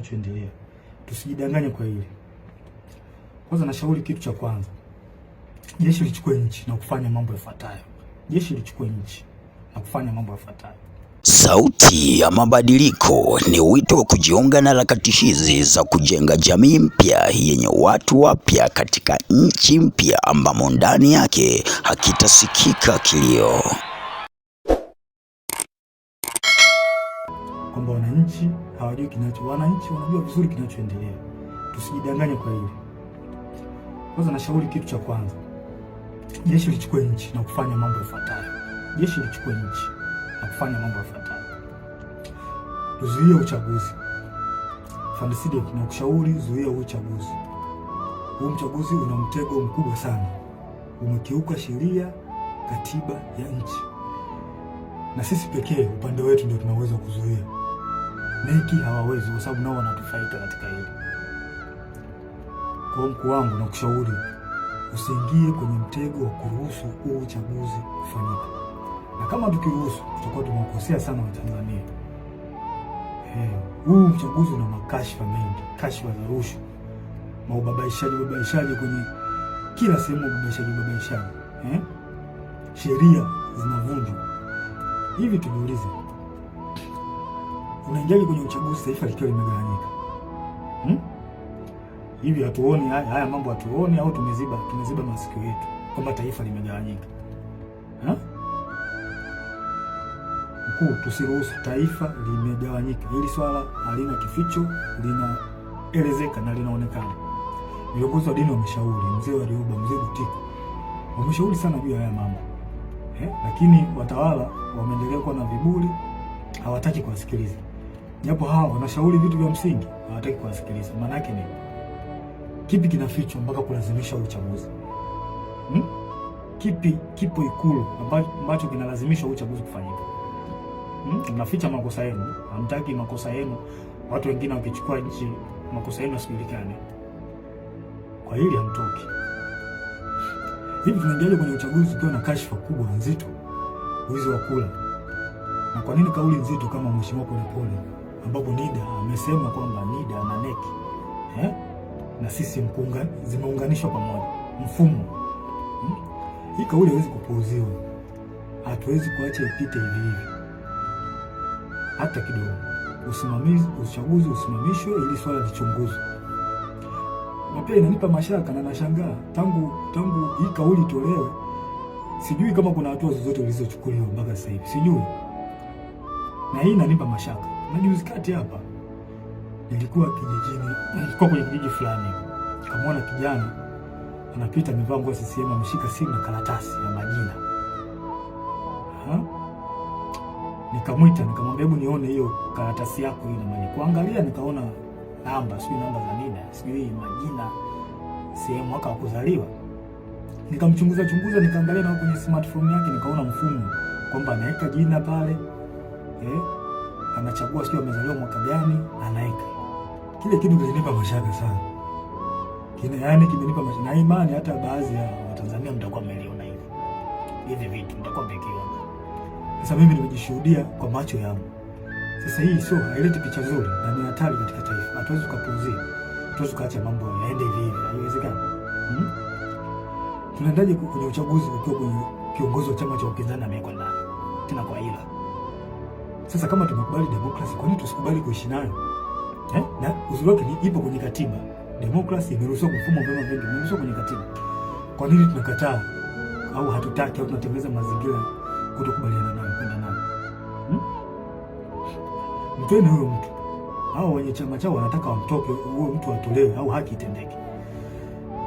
kinachoendelea. Tusijidanganye kwa hili. Kwanza nashauri kitu cha kwanza. Jeshi lichukue nchi na kufanya mambo yafuatayo. Jeshi lichukue nchi na kufanya mambo yafuatayo. Sauti ya Mabadiliko ni wito wa kujiunga na harakati hizi za kujenga jamii mpya yenye watu wapya katika nchi mpya ambamo ndani yake hakitasikika kilio. kwamba wananchi hawajui kinacho, wananchi wanajua vizuri kinachoendelea, tusijidanganye kwa hili. Kwanza nashauri kitu cha kwanza, jeshi lichukue nchi na kufanya mambo yafuatayo. Jeshi lichukue nchi na kufanya mambo yafuatayo: tuzuie uchaguzi. Fandisidi, kushauri zuia huu uchaguzi. Huu mchaguzi una mtego mkubwa sana, umekiuka sheria, katiba ya nchi, na sisi pekee upande wetu ndio tunaweza kuzuia benki hawawezi, kwa sababu nao wanatufaika katika hili. Kwa mkuu wangu, nakushauri usiingie kwenye mtego wa kuruhusu huu uchaguzi kufanyika, na kama tukiruhusu tutakuwa tumekosea sana Watanzania. Eh, huu uchaguzi una makashfa mengi, kashfa za rushwa, maubabaishaji, ubabaishaji kwenye kila sehemu, ubabaishaji, ubabaishaji, eh, sheria zinavunjwa hivi. Tujiulize, unaingiaje kwenye uchaguzi taifa likiwa limegawanyika hmm? Hivi hatuoni haya haya mambo hatuoni, au tumeziba tumeziba masikio yetu kwamba taifa limegawanyika? Mkuu, tusiruhusu taifa limegawanyika. Hili swala halina kificho, linaelezeka na linaonekana. Viongozi wa dini wameshauri, mzee wa mzee Butiko wameshauri sana juu ya haya mambo eh, lakini watawala wameendelea kuwa na viburi, hawataki kuwasikiliza japo hawa wanashauri vitu vya msingi hawataki kuwasikiliza. Maana yake ni kipi kinafichwa mpaka kulazimisha uchaguzi hmm? Kipi kipo Ikulu ambacho kinalazimisha uchaguzi kufanyika hmm? Mnaficha makosa yenu, hamtaki makosa yenu, watu wengine wakichukua nchi, makosa yenu yasijulikane. Kwa hili hamtoki. Hivi tunaingiaje kwenye uchaguzi tukiwa na kashfa kubwa nzito, wizi wa kula? Na kwa nini kauli nzito kama mheshimiwa Polepole ambapo NIDA amesema kwamba NIDA na NEC eh, na sisi zimeunganishwa pamoja mfumo hmm. Hii kauli haiwezi kupuuziwa, hatuwezi kuacha ipite hivi hivi hata kidogo. Usimamizi uchaguzi usimamishwe ili swala lichunguzwe, na pia inanipa mashaka na nashangaa, tangu tangu hii kauli tolewe, sijui kama kuna hatua zozote zilizochukuliwa mpaka sasa hivi, sijui, na hii inanipa mashaka. Majuzi kati hapa nilikuwa kijijini, nilikuwa kwenye kijiji fulani, kamwona kijana anapita amevaa nguo CCM, ameshika simu na karatasi ya majina. Nikamwita nikamwambia, hebu nione hiyo karatasi yako ile mali. Kuangalia nikaona namba, sijui namba za nini, sijui majina, sehemu, mwaka wa kuzaliwa. Nikamchunguza chunguza, nikaangalia na kwenye smartphone yake, nikaona mfumo kwamba anaweka jina pale eh anachagua sio amezaliwa mwaka gani, anaika kile kitu. Kinanipa mashaka sana kile, yani kimenipa mashaka na imani, hata baadhi ya Watanzania mtakuwa mmeliona hivi hivi vitu, mtakuwa mkiona. Sasa mimi nimejishuhudia kwa macho yangu. Sasa hii sio haileti picha nzuri na ni hatari katika taifa. Hatuwezi kupuuzia, hatuwezi kuacha mambo yaende hivi hivi, haiwezekani. Hmm? Tunaendaje kwenye uchaguzi ukiwa kwenye kiongozi wa chama cha upinzani amewekwa ndani tena kwa hila sasa kama tumekubali demokrasi, kwa nini tusikubali kuishi nayo eh? na uzuri wake ni ipo kwenye katiba. Demokrasi imeruhusiwa mfumo vyama vingi, imeruhusiwa kwenye katiba. Kwa nini tunakataa au hatutaki au tunatengeneza mazingira kutokubaliana nayo kwenda nayo hmm? Mtweni huyo mtu hao wenye chama chao wanataka wamtoke huyo mtu atolewe, au haki itendeke.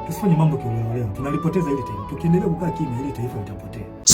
Tusifanye mambo leo, tunalipoteza ile taifa. Tukiendelea kukaa kimya ile taifa